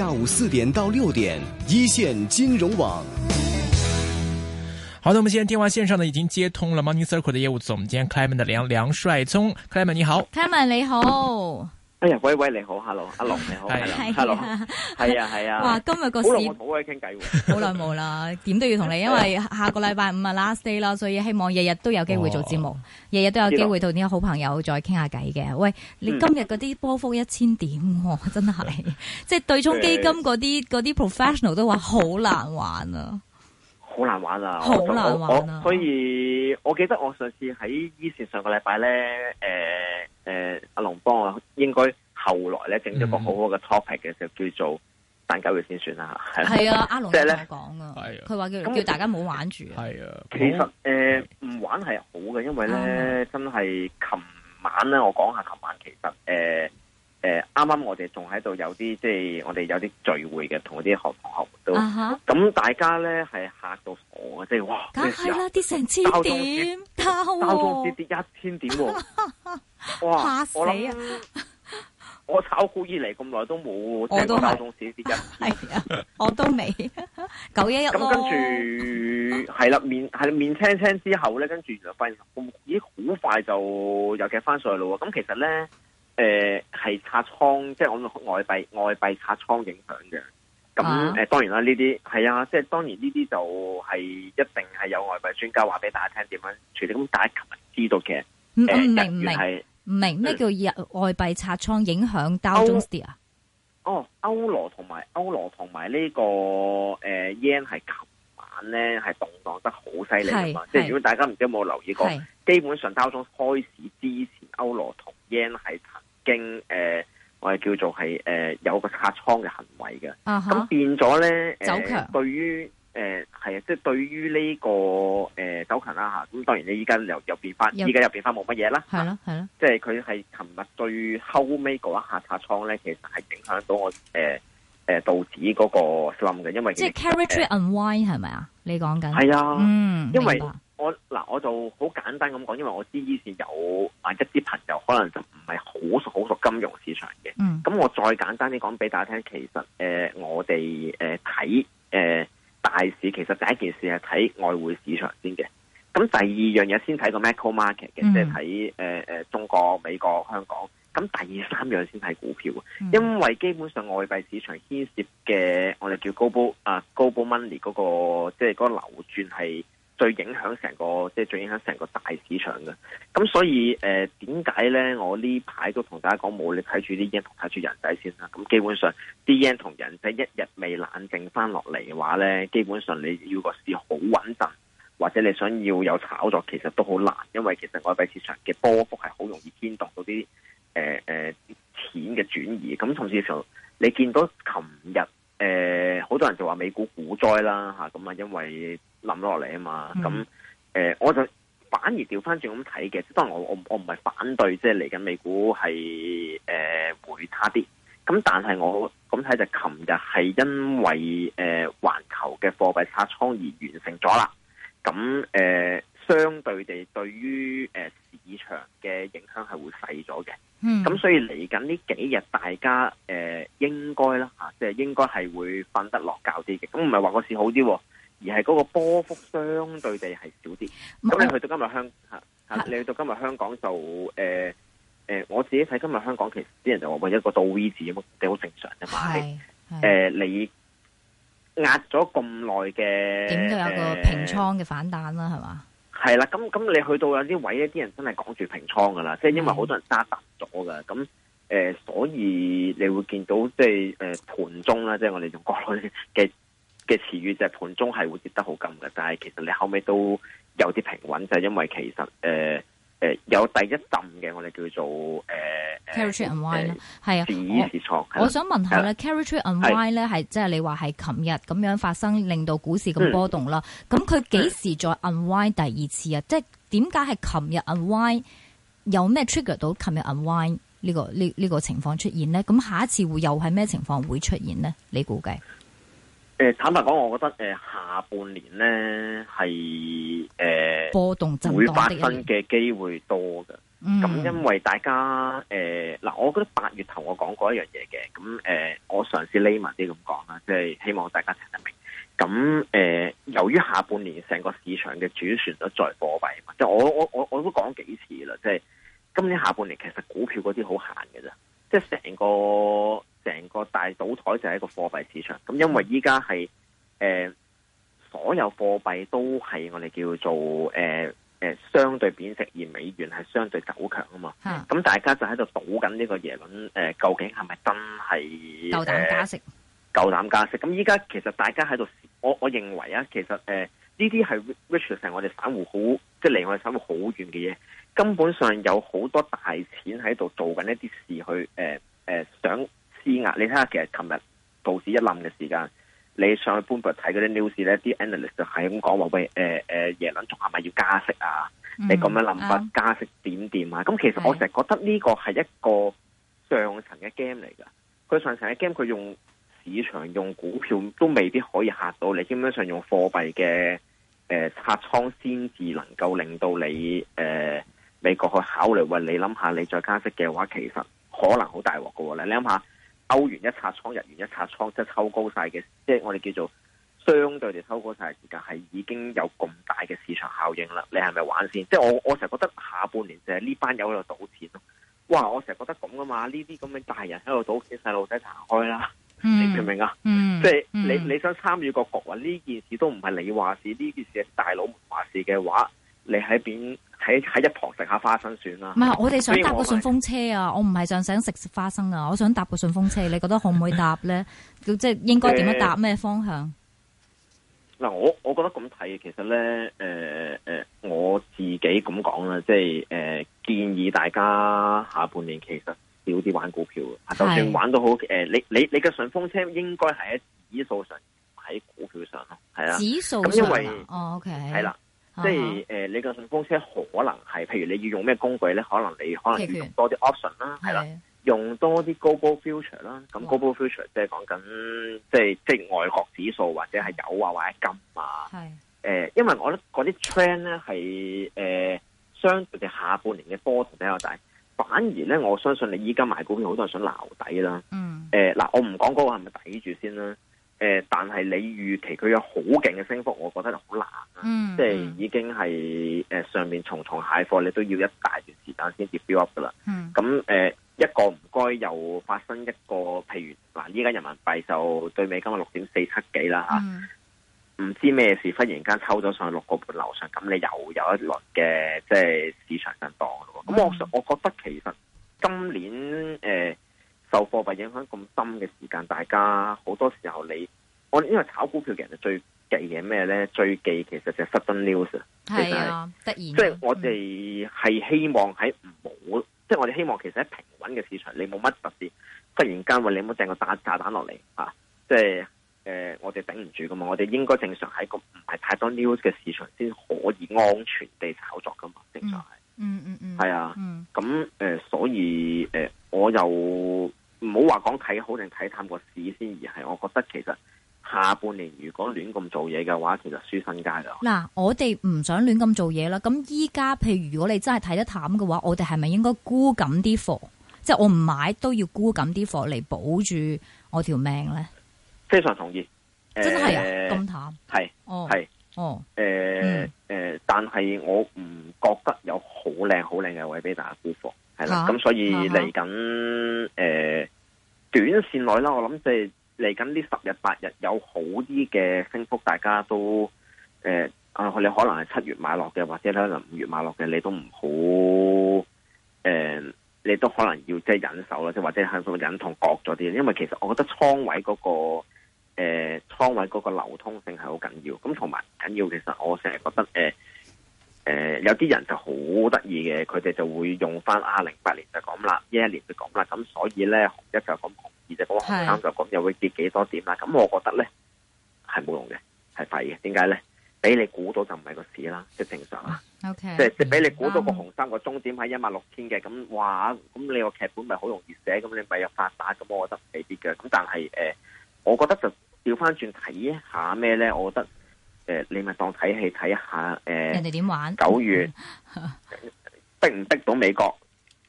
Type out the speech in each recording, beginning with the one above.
下午四點到六點，一線金融網。好的，我們現在電話線上呢已經接通了 Money Circle 的業務總監克萊門 n 的梁梁帥聰，克萊門 n 你好，克萊門 y n 你好。哎呀，喂喂，你好，hello，阿龍你好，係，係，係啊，係啊，啊，啊。哇，今日個市好耐冇傾偈喎，好耐冇啦，點 都要同你，因為下個禮拜五啊 last day 啦，所以希望日日都有機會做節目，日、哦、日都有機會同啲好朋友再傾下偈嘅。喂，你今日嗰啲波幅一千點喎，真係，即、嗯、係 對沖基金嗰啲啲 professional 都話好難玩啊，好難玩啊，好難玩、啊、所以我記得我上次喺一線上個禮拜咧，誒、呃。誒、呃，阿龍幫我，應該後來咧整咗個好好嘅 topic 嘅，就、嗯、叫做等九月先算啦。係啊，阿龍即係講啊，佢話叫叫大家唔好玩住。係啊，其實誒唔、呃、玩係好嘅，因為咧、啊、真係琴晚咧，我講下琴晚其實誒誒啱啱我哋仲喺度有啲即係我哋有啲聚會嘅，同啲學同學都咁、啊、大家咧係嚇到傻啊！即係哇，梗係啦，跌成千點，啊、跌一千點喎、啊。 嚇死啊！我炒股以嚟咁耐都冇，即係帶動市啲噶。係 啊，我都未九一一。咁跟住係啦，面係、啊、面青青之後咧，跟住原來發現咦，好、欸、快就又跌翻上嚟咯。咁其實咧，誒係拆倉，即係我外幣外幣拆倉影響嘅。咁誒、啊呃，當然啦，呢啲係啊，即係當然呢啲就係一定係有外幣專家話俾大家聽點樣處理，咁大家琴日知道嘅誒、呃嗯嗯，明係。日唔明咩叫外幣拆倉影響 Dow 中啲啊？哦，歐羅同埋歐羅同埋呢個誒 yen 係琴晚咧係動盪得好犀利啊嘛！即係如果大家唔知有冇留意過，基本上 Dow 中開始之前，歐羅同 yen 係曾經誒、呃、我係叫做係誒、呃、有個拆倉嘅行為嘅，咁、啊、變咗咧、呃，對於。誒、呃，係、這個呃、啊，即係對於呢個誒走勤啦吓，咁當然你依家又又變翻，依家又變翻冇乜嘢啦，係咯係咯，即係佢係琴日最後尾嗰一下拆倉咧，其實係影響到我誒誒導致嗰個失望嘅，因為即係 character unwind 係咪啊？你講緊係啊，嗯，因為我嗱我就好簡單咁講，因為我知以前有啊一啲朋友可能就唔係好熟好熟金融市場嘅，嗯，咁我再簡單啲講俾大家聽，其實誒、呃、我哋誒睇誒。呃大市其實第一件事係睇外匯市場先嘅，咁第二樣嘢先睇個 Macro Market 嘅，即係睇誒誒中國、美國、香港，咁第三樣先睇股票、嗯、因為基本上外幣市場牽涉嘅我哋叫高波啊高波 money 嗰、嗰個即係、即係、個流轉係。最影響成個，即係最影響成個大市場嘅。咁所以，誒點解咧？我呢排都同大家講，冇力睇住啲 yen 同睇住人仔先啦。咁基本上，啲 yen 同人仔一日未冷靜翻落嚟嘅話咧，基本上你要個市好穩陣，或者你想要有炒作，其實都好難，因為其實外幣市場嘅波幅係好容易牽動到啲誒誒錢嘅轉移。咁從市場你見到琴日誒，好、呃、多人就話美股股災啦嚇，咁啊因為。諗落嚟啊嘛，咁誒、嗯呃，我就反而調翻轉咁睇嘅，即係當然我我我唔係反對，即係嚟緊美股係誒、呃、會差啲，咁但係我咁睇就，琴日係因為誒環、呃、球嘅貨幣擦倉而完成咗啦，咁誒、呃、相對地對於誒、呃、市場嘅影響係會細咗嘅，咁、嗯、所以嚟緊呢幾日大家誒、呃、應該啦，吓即係應該係會瞓得落覺啲嘅，咁唔係話個市好啲。而係嗰個波幅相對地係少啲。咁你去到今日香嚇嚇、啊，你去到今日香港就誒誒、呃呃，我自己睇今日香港，其實啲人就話為一個倒 V 字，咁地好正常嘅嘛。係誒、呃，你壓咗咁耐嘅，點都有一個平倉嘅反彈啦，係、呃、嘛？係啦，咁咁你去到有啲位一啲人真係講住平倉噶啦，即係因為好多人揸突咗噶。咁誒、呃，所以你會見到即係誒盤中啦，即係我哋用過去嘅。嘅詞語就係盤中係會跌得好咁嘅，但係其實你後尾都有啲平穩，就係、是、因為其實誒誒、呃呃、有第一震嘅，我哋叫做誒 carry trade unwind。係、呃呃、啊，是與是錯。我想問下咧，carry trade unwind 咧係即係你話係琴日咁樣發生令到、啊、股市咁波動啦，咁佢幾時再 unwind 第二次啊？嗯、即係點解係琴日 unwind 有咩 trigger 到琴日 unwind 呢、呢個呢呢、呢個呢個情況出現咧？咁下一次會又係咩情況會出現咧？你估計？誒，坦白講，我覺得誒，下半年咧係誒波動震蕩啲，會發生嘅機會多嘅。咁、嗯、因為大家誒，嗱、呃，我覺得八月頭我講過一樣嘢嘅，咁誒、呃，我嘗試 layman 啲咁講啦，即係希望大家聽得明。咁誒、呃，由於下半年成個市場嘅主旋律在貨幣啊嘛，就我我我我都講幾次啦，即係今年下半年其實股票嗰啲好閒嘅啫，即係成個。成個大賭台就係一個貨幣市場，咁因為依家係誒所有貨幣都係我哋叫做誒誒、呃、相對貶值，而美元係相對走強啊嘛。咁、啊、大家就喺度賭緊呢個耶倫咁誒、呃、究竟係咪真係夠膽加息？夠、呃、膽加息？咁依家其實大家喺度，我我認為啊，其實誒呢啲係 Richardson 係我哋散戶好即係離我哋散戶好遠嘅嘢，根本上有好多大錢喺度做緊一啲事去誒誒、呃呃、想。施你睇下，其實琴日股市一冧嘅時間，你上去彭博睇嗰啲 news 咧，啲 analyst 就係咁講話，喂，誒、呃、誒，耶倫仲係咪要加息啊？嗯、你咁樣諗法，加息點點啊？咁、嗯、其實我成日覺得呢個係一個上層嘅 game 嚟噶，佢上層嘅 game 佢用市場用股票都未必可以嚇到你，基本上用貨幣嘅誒、呃、拆倉先至能夠令到你誒、呃、美國去考慮。喂，你諗下，你再加息嘅話，其實可能好大鑊噶喎，你諗下。抽完一拆倉，日完一拆倉，即係抽高晒嘅，即係我哋叫做相對地抽高晒嘅時間，係已經有咁大嘅市場效應啦。你係咪玩先？即係我我成日覺得下半年就係呢班友喺度賭錢咯。哇！我成日覺得咁噶嘛，呢啲咁嘅大人喺度賭錢，啲細路仔彈開啦。嗯、你明唔明、嗯、啊？即係你你想參與個局話呢件事都唔係你話事，呢件事係大佬話事嘅話。你喺邊喺喺一旁食下花生算啦。唔係，我哋想搭個順風車啊！我唔係想想食花生啊！我想搭個順風車， 你覺得可唔可以搭咧？即 係應該點樣搭咩、呃、方向？嗱，我我覺得咁睇，其實咧，誒、呃、誒、呃，我自己咁講啦，即係誒建議大家下半年其實少啲玩股票。就算玩都好，誒、呃、你你你嘅順風車應該喺指數上，喺股票上咯，係啊，指數上啊、哦，OK，係啦。即係誒、呃，你個順風車可能係，譬如你要用咩工具咧？可能你可能要用多啲 option 啦，係啦，用多啲 global future 啦。咁、哦、global future 即係講緊，即係即係外國指數或者係油啊，或者金啊。係誒、呃，因為我覺得嗰啲 trend 咧係誒，相對嘅下半年嘅波動比較大，反而咧我相信你依家買股票好多係想撈底啦。嗯。誒，嗱，我唔講嗰個係咪抵住先啦。誒、呃，但係你預期佢有好勁嘅升幅，我覺得就好難、啊嗯嗯，即係已經係誒、呃、上面重重蟹貨，你都要一大段時間先至翻 up 噶啦。咁、嗯、誒、呃，一個唔該又發生一個，譬如嗱，依家人民幣就對美金今日六點四七幾啦吓，唔、嗯、知咩事忽然間抽咗上六個半樓上，咁你又有一輪嘅即係市場震盪咯。咁我、嗯、我覺得其實今年誒。呃受貨幣影響咁深嘅時間，大家好多時候你我因為炒股票嘅人最忌嘅咩咧？最忌其實就 sudden news，係啊，突然即係我哋係希望喺唔好，即係我哋希望其實喺平穩嘅市場，你冇乜特別，忽然間話你唔好掟個炸炸彈落嚟啊！即係誒、呃，我哋頂唔住噶嘛？我哋應該正常喺個唔係太多 news 嘅市場先可以安全地炒作噶嘛？正常係，嗯嗯嗯，係、嗯嗯、啊，咁、嗯、誒、呃，所以誒、呃，我又。講睇好定睇淡個市先而，而係我覺得其實下半年如果亂咁做嘢嘅話，其實輸身家噶。嗱，我哋唔想亂咁做嘢啦。咁依家，譬如如果你真係睇得淡嘅話，我哋係咪應該沽緊啲貨？即係我唔買都要沽緊啲貨嚟保住我條命咧？非常同意，欸、真係啊，咁淡係，哦、欸、係，哦，誒、欸、誒、嗯，但係我唔覺得有好靚好靚嘅位俾大家沽貨，係啦，咁、啊、所以嚟緊誒。啊啊短線內啦，我諗即係嚟緊呢十日八日有好啲嘅升幅，大家都誒、呃、啊！你可能係七月買落嘅，或者可能係五月買落嘅，你都唔好誒、呃，你都可能要即係忍手啦，即係或者係忍痛割咗啲，因為其實我覺得倉位嗰、嗰個誒、呃、倉位嗰個流通性係好緊要，咁同埋緊要。其實我成日覺得誒。呃誒、呃，有啲人就好得意嘅，佢哋就會用翻啊，零八年就咁啦，一一年就咁啦，咁所以咧，紅一就咁，紅二就咁，紅三就咁，又會跌幾多點啦。咁我覺得咧係冇用嘅，係廢嘅。點解咧？俾你估到就唔係個事啦，即係正常啊。O K，即係即俾你估到個紅三個終點喺一萬六千嘅，咁、嗯、哇，咁你個劇本咪好容易寫？咁你咪有發達？咁我覺得未必嘅。咁但係誒、呃，我覺得就調翻轉睇下咩咧？我覺得。誒、呃，你咪當睇戲睇下，誒、呃，人哋點玩？九月 逼唔逼到美國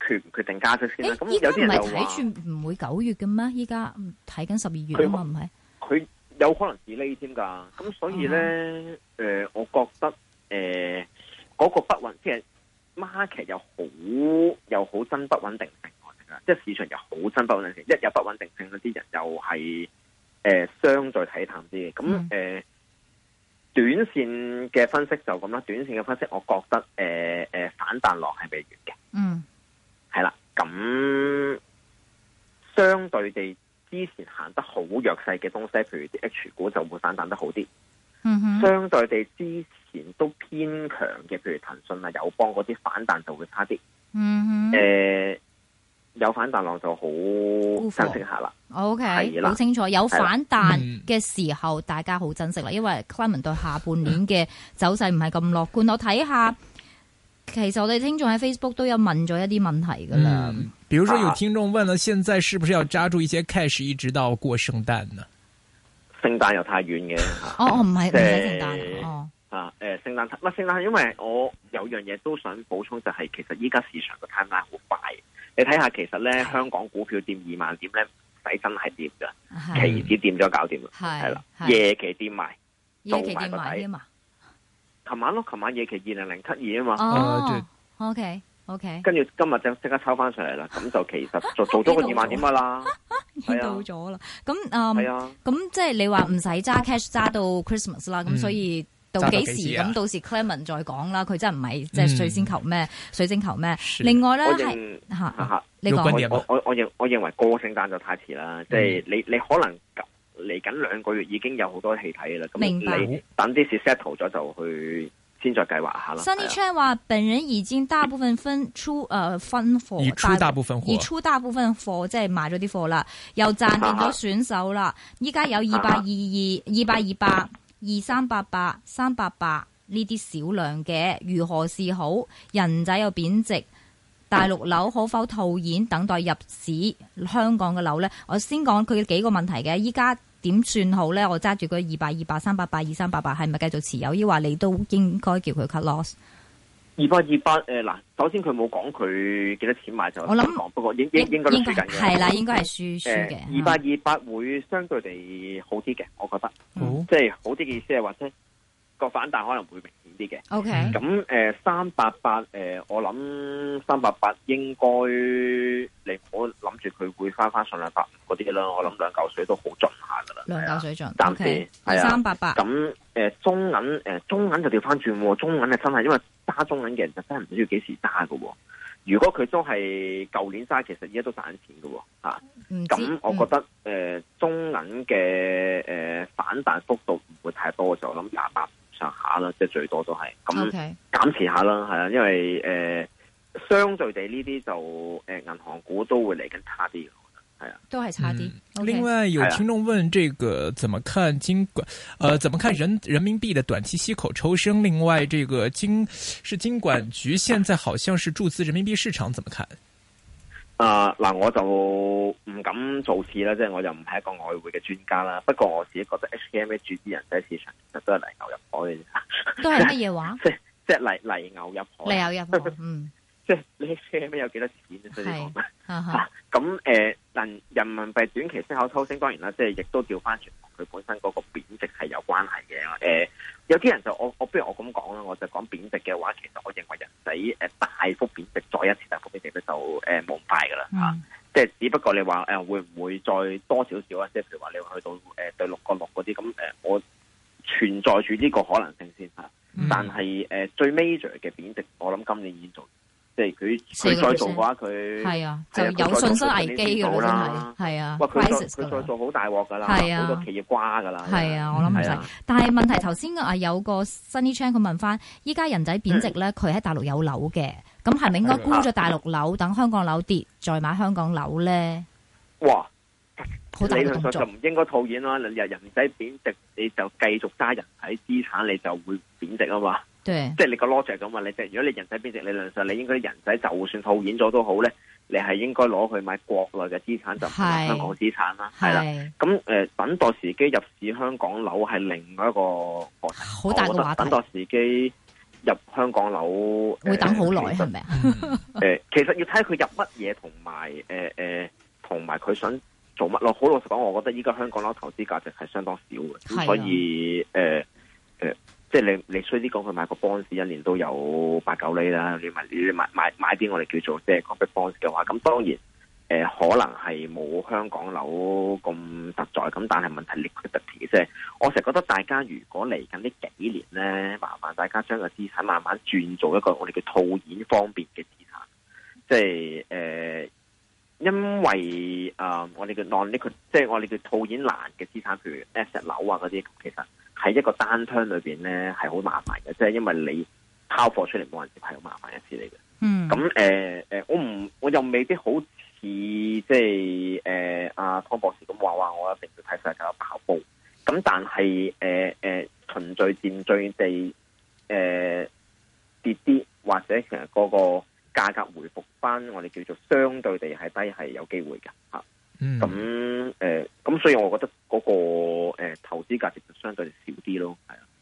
決唔決定加息先啦？咁、欸、有啲人睇住唔會九月嘅咩？依家睇緊十二月啊嘛，唔係？佢有可能 delay 添噶。咁、嗯、所以咧，誒、呃，我覺得誒，嗰、呃那個不穩即係 market 又好有好真不穩定性即係市場又好真不穩定、就是、定性。一有不穩定性，嗰啲人又係誒、呃、相再睇淡啲。咁誒。嗯短線嘅分析就咁啦，短線嘅分析，我覺得誒誒、呃呃、反彈落係未完嘅。嗯，係啦，咁相對地，之前行得好弱勢嘅東西，譬如啲 H 股，就會反彈得好啲。嗯哼。相對地，之前都偏強嘅，譬如騰訊啊、友邦嗰啲，反彈就會差啲。嗯哼誒。呃有反彈浪就好珍惜下啦。OK，好清楚。有反彈嘅時候，了嗯、大家好珍惜啦，因為 Clement 對下半年嘅走勢唔係咁樂觀。我睇下，其實我哋聽眾喺 Facebook 都有問咗一啲問題噶啦、嗯。比如說，有聽眾問啦，現在是不是要揸住一些 cash 一直到過聖誕呢？啊、聖誕又太遠嘅、 哦。哦，唔係唔係聖誕，啊呃。哦，嚇、啊呃，聖誕，乜聖誕？因為我有樣嘢都想補充、就是，就係其實依家市場嘅探底。你睇下，其實咧香港股票跌二萬點咧，底薪係點嘅？期指掂咗搞掂啦，係啦，夜期跌埋，夜期跌埋啊嘛！琴晚咯，琴晚夜期二零零七二啊嘛。o、oh, k OK，跟、okay、住今日就即刻抽翻上嚟啦。咁 就其實就做做咗個二萬 到 點噶啦，係 到 到、 嗯、啊，到咗啦。咁、嗯、啊，咁即係你話唔使揸 cash 揸到 Christmas 啦。咁、嗯、所以。到幾時咁？到時，啊、到時 Clement 再講啦。佢真係唔係即係水晶球咩？水晶球咩？另外咧係嚇你講我我我認、啊、哈哈我，我，我，我，認我認為過聖誕就太遲啦。即、嗯、係、就是、你你可能嚟緊兩個月已經有好多戲睇啦。咁你等啲事 settle 咗就去先再計劃下啦 Sunny Chan 話、啊：本人已經大部分分出誒、呃、分貨，已出，出大部分貨，已出大部分貨即係賣咗啲貨啦，又賺定咗選手啦。依家有二百二二二百二百。200，啊200，二三八八、三八八呢啲少量嘅如何是好？人仔又貶值，大陸樓可否套現等待入市？香港嘅樓呢？我先講佢嘅幾個問題嘅，依家點算好呢？我揸住佢二八二八、三八八、二三八八，係咪繼續持有？抑話你都應該叫佢 cut loss。二八二八，誒、呃、嗱，首先佢冇講佢幾多錢買係我諗不,不過應應應該係嘅，啦，應該係輸嘅二八二八會相對地好啲嘅，我覺得，即、嗯、係、就是、好啲嘅意思係話咧個反彈可能會明顯啲嘅，OK，咁誒、呃、三八八，誒、呃、我諗三八八應該，你我諗住佢會翻翻上兩百五嗰啲啦，我諗兩嚿水都好盡限噶啦，兩嚿水盡，暫時係啊，okay. 三八八，咁誒中銀，誒中銀就調翻轉，中銀嘅、呃、真係因為。揸中銀嘅人就真係唔知要幾時揸噶、哦，如果佢都係舊年揸，其實依家都賺緊錢噶、哦，吓，咁我覺得誒、嗯呃，中銀嘅誒反彈幅度唔會太多，就我諗廿八上下啦，即係最多都係咁減持一下啦，係啊，因為誒、呃、相對地呢啲就誒銀、呃、行股都會嚟緊差啲。都係差啲、嗯 okay。另外有聽眾問，這個怎麼看金管、啊？呃，怎麼看人人民幣的短期息口抽升？另外，這個金是金管局現在好像是注資人民幣市場，怎麼看？啊，嗱，我就唔敢做事啦，即係我又唔係一個外匯嘅專家啦。不過我自己覺得 HKMA 注資人仔市場，其實都係泥牛入海嘅啫，都係乜嘢話？即即係泥泥牛入海，泥 牛，牛入海，嗯。即係呢車咩有幾多錢啫？呢個吓咁，誒，能、 呃、人民幣短期息口抽升，當然啦，即係亦都叫翻佢本身嗰個貶值係有關係嘅。誒、呃，有啲人就我我不如我咁講啦，我就講貶值嘅話，其實我認為人仔誒大幅貶值再一次大幅貶值就，佢就誒冇咁快噶啦吓。即係、嗯、只不過你話誒、呃、會唔會再多少少啊？即係譬如話你會去到誒、呃、對六個六嗰啲咁誒，我存在住呢個可能性先吓。但係誒、呃、最 major 嘅貶值，我諗今年已經做。即係佢佢再做嘅話，佢係啊就有信心危機㗎啦，我真係係啊。佢再做好大鑊㗎啦，個企業瓜㗎啦。係啊，我諗唔使。但係問題頭先啊，有個 Sunny Chan 佢問翻，依家人仔貶值咧，佢喺大陸有樓嘅，咁係咪應該沽咗大陸樓，等香港樓跌，再買香港樓咧？哇！理論上就唔應該套現啦。你由人仔貶值，你就繼續揸人仔資產，你就會貶值啊嘛。對，即係你個 logic 咁啊，你即係如果你人仔貶值，理論上你應該人仔就算套現咗都好咧，你係應該攞去買國內嘅資產，係就唔係香港資產啦。係啦，咁誒，等待、呃、時機入市香港樓係另外一個過程，好大嘅話題。我覺得等待時機入香港樓會等好耐係咪啊？誒、呃呃，其實要睇佢入乜嘢，同埋誒誒，同埋佢想。做乜咯？好老實講，我覺得依家香港樓投資價值係相當少嘅，咁所以誒誒、呃呃，即係你你雖然講佢買個 bonds 一年都有八九厘啦，你買你買買買啲我哋叫做即係、government bond 嘅話，咁當然誒、呃、可能係冇香港樓咁實在，咁但係問題 liquidity 啫。我成日覺得大家如果嚟緊呢幾年咧，麻煩大家將個資產慢慢轉做一個我哋叫套現方便嘅資產，即係誒。呃因為誒、呃，我哋叫當呢個即係我哋嘅套現難嘅資產，譬如 assets 樓啊嗰啲，其實喺一個單倉裏邊咧係好麻煩嘅，即係因為你拋貨出嚟冇人接，係好麻煩一次嚟嘅。嗯。咁誒誒，我唔，我又未必好似即係誒阿湯博士咁話話，我一定要睇實佢有的跑步。咁但係誒誒，循序漸進地誒、呃、跌啲，或者成日嗰個。價格回復翻，我哋叫做相對地係低，係有機會嘅嚇。咁、嗯、誒，咁、呃、所以我覺得嗰、嗰個、呃、投資價值就相對地少啲咯，係啊。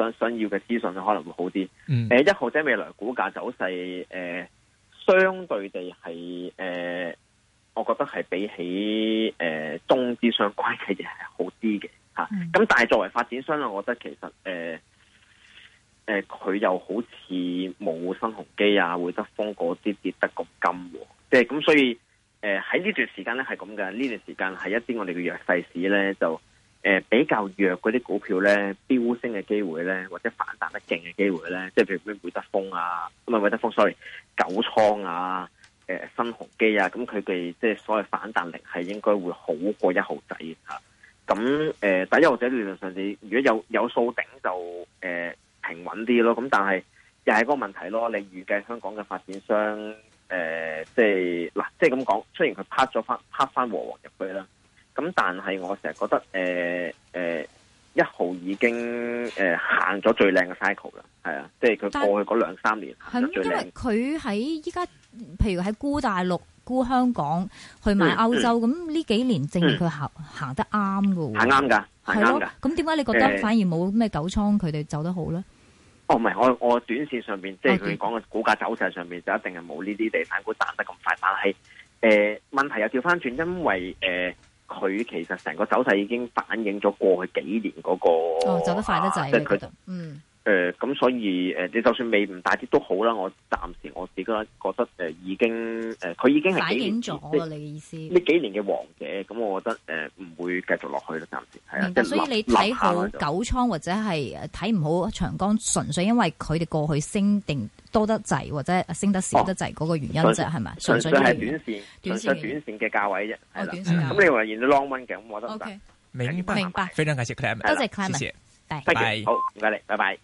想想要嘅資訊可能會好啲。誒、嗯呃，一號仔未來股價走勢誒，相對地係誒、呃，我覺得係比起誒、呃、中資相關企業係好啲嘅嚇。咁、啊嗯、但係作為發展商，我覺得其實誒誒，佢、呃呃、又好似冇新鴻基啊、會德豐嗰啲跌得咁勁、啊，即係咁，所以誒喺呢段時間咧係咁嘅。呢段時間係一啲我哋嘅弱勢市咧就。誒、呃，比較弱嗰啲股票咧，飆升嘅機會咧，或者反彈得勁嘅機會咧，即係譬如咩會德豐啊，咁係會德豐，sorry，九倉啊，誒、呃，新鴻基啊，咁佢哋即係所謂反彈力係應該會好過一號仔啊。咁誒，第、呃、一號仔理論上是，如果有有數頂就誒、呃、平穩啲咯。咁但係又係嗰個問題咯。你預計香港嘅發展商誒，即係嗱，即係咁講，雖然佢拍咗翻拍翻和黃入去啦。咁但係我成日覺得誒誒、呃呃、一號已經誒行咗最靚嘅 cycle 啦，係啊，即係佢過去嗰兩三年係因為佢喺依家，譬如喺沽大陸、沽香港去埋歐洲，咁、嗯、呢、嗯、幾年正佢行、嗯、行得啱嘅係啱噶。係啱咁點解你覺得反而冇咩九倉佢哋走得好咧、呃？哦，唔係，我我短綫上邊即係佢講嘅股價走勢上邊、okay。就一定係冇呢啲地產股彈得咁快。但係誒、呃、問題又調翻轉，因為誒。呃佢其實成個走勢已經反映咗過去幾年嗰、那個，哦，走得快得滯，嗯。誒、呃，咁所以誒，你、呃、就算未唔大跌都好啦。我暫時我自己覺得誒、呃，已經誒，佢、呃、已經係反映咗啊。嘅意思呢幾年嘅王者，咁、嗯、我覺得誒，唔、呃、會繼續落去啦。暫時係，所以你睇好九倉或者係睇唔好長江，純粹因為佢哋過去升定多得滯或者升得少得滯嗰個原因啫，係、哦、咪？純粹係短線，短線嘅價位啫。咁你話沿咗 long run 嘅，我覺得明白，明白。非常感謝 c l a r 多謝 c l a r 得，好唔該你，拜拜。